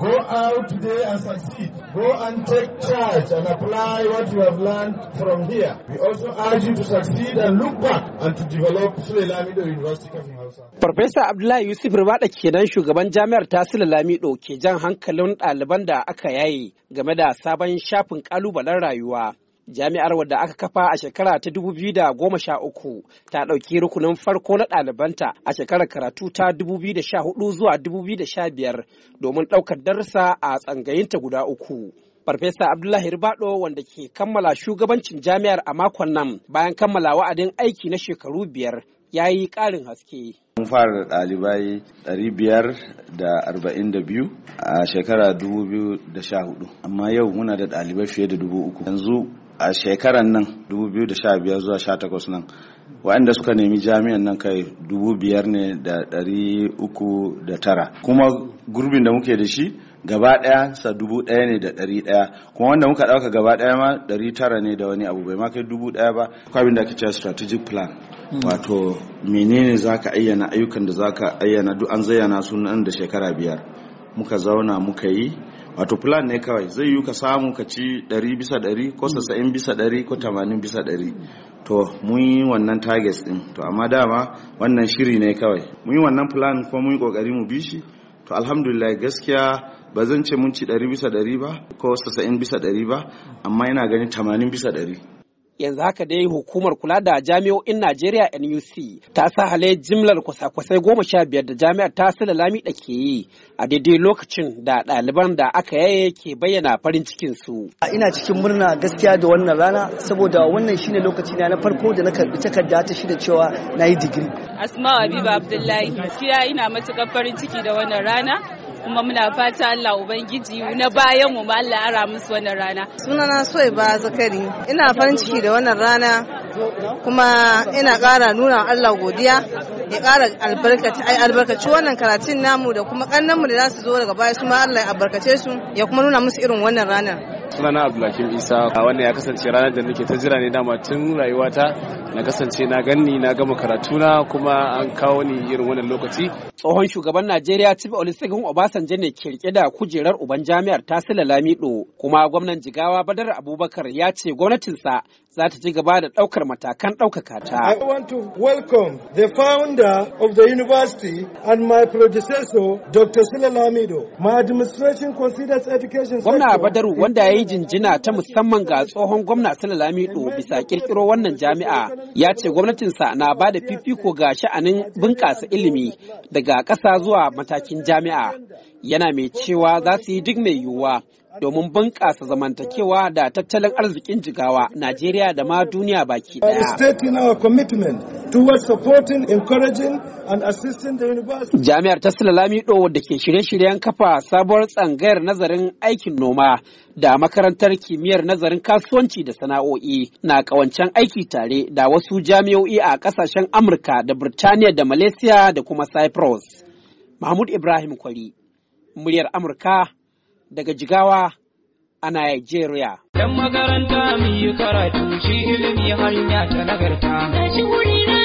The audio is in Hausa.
Go out today and succeed. Go and take charge and apply what you have learned from here. We also urge you to succeed and look back and to develop Sule Lamido University Kafin Hausa. Farfesa Abdullahi Yusuf Rubada kenan shugaban jami'ar Tasila Lamido ke jan hankalin ɗaliban da aka yaye game da sabon shafin ƙalubalen rayuwa. Jami'ar wadda aka kafa a shekara ta 2013 ta ɗauki rukunin farko na ɗalibanta a shekarar karatu ta 2014 zuwa 2015 domin ɗaukar darussa a tsangayinta guda uku. Farfesa Abdullahi ribaɗo wanda ke kammala shugabancin jami'ar a makon nan bayan kammala wa'adin aiki na shekaru biyar ya yi ƙarin haske. Mun fara da ɗalibai 542 a shekara 2014 amma yau muna da ɗalibai fiye da 3,000 yanzu a shekaran nan 2015 zuwa 18 nan waɗanda suka nemi jami'an nan kai dubu biyar ne da uku da tara kuma gurbin da muke da shi gaba ɗaya sa dubu ɗaya ne da ɗari ɗaya kuma wanda muka ɗauka gaba ɗaya ma ɗari tara ne da wani abu bai ma kai dubu ɗaya ba kwabin da ake cewa strategic plan hmm. wato menene za ka ayyana ayyukan da za ka ayyana duk an zayyana sunan da shekara biyar muka zauna muka yi wato plan ne kawai zai yi ka samu ka ci 100 bisa 100 ko 90 mm. bisa 100 ko 80 bisa 100 to mun yi wannan targets din to amma dama wannan shiri ne kawai mun yi wannan plan ko mun yi kokari mu bi shi to alhamdulillah gaskiya ba zan ce mun ci 100 bisa 100 ba ko 90 bisa 100 ba amma ina gani 80 bisa 100 yanzu haka dai hukumar kula da jami'o'in Najeriya NUC ta hale jimlar kwasa-kwasai goma sha biyar da jami'ar ta lami da ke yi a daidai lokacin da ɗaliban da aka yaye ke bayyana farin cikin su. Ina cikin murna gaskiya da wannan rana saboda wannan shine lokaci na farko da na karbi takarda ta shi shida cewa na yi digiri. Asma Habiba Abdullahi, kiya ina matuƙar farin ciki da wannan rana kuma muna fata Allah Ubangiji na bayan mu Allah ara musu wannan rana. Sunana Soy Zakari. Ina farin ciki da da wannan rana kuma ina ƙara nuna Allah godiya ya ƙara albarkaci ai albarkaci wannan karatun namu da kuma mu da za su zo daga baya su ma Allah ya albarkace su ya kuma nuna musu irin wannan ranar sunana abdulhakim isa wannan ya kasance ranar da nake ta jira ne dama tun rayuwata na kasance na ganni na gama karatuna kuma an kawo ni irin wannan lokaci tsohon shugaban najeriya chief olusegun obasanjo ne ke rike da kujerar uban jami'ar tasila lamido kuma gwamnan jigawa badar abubakar ya ce gwamnatinsa za ta ci gaba da ɗaukar matakan ɗaukaka ta. I want to welcome the founder of the university and my predecessor Dr. Sila Lamido. My administration considers education Gwamna Badaru wanda ya yi jinjina ta musamman ga tsohon gwamna Sani Lamido bisa kirkiro wannan jami'a ya ce gwamnatinsa na ba da fifiko ga sha'anin bunƙasa ilimi daga ƙasa zuwa matakin jami'a. Yana mai cewa za su yi duk mai yiwuwa domin bunƙasa zamantakewa da tattalin arzikin jigawa Najeriya da ma duniya baki daya. Jami'ar ta Lamido da ke shirye-shiryen kafa sabuwar tsangayar nazarin aikin noma da makarantar kimiyyar nazarin kasuwanci da sana'o'i na kawancen aiki tare da wasu jami'o'i a kasashen Amurka da Birtaniya da Malaysia da kuma Cyprus. Mahmud Ibrahim Kwari, muryar Amurka daga Jigawa a Nigeria. Yan makaranta mai karatu shi ilimi hanya ta nagarta. wuri na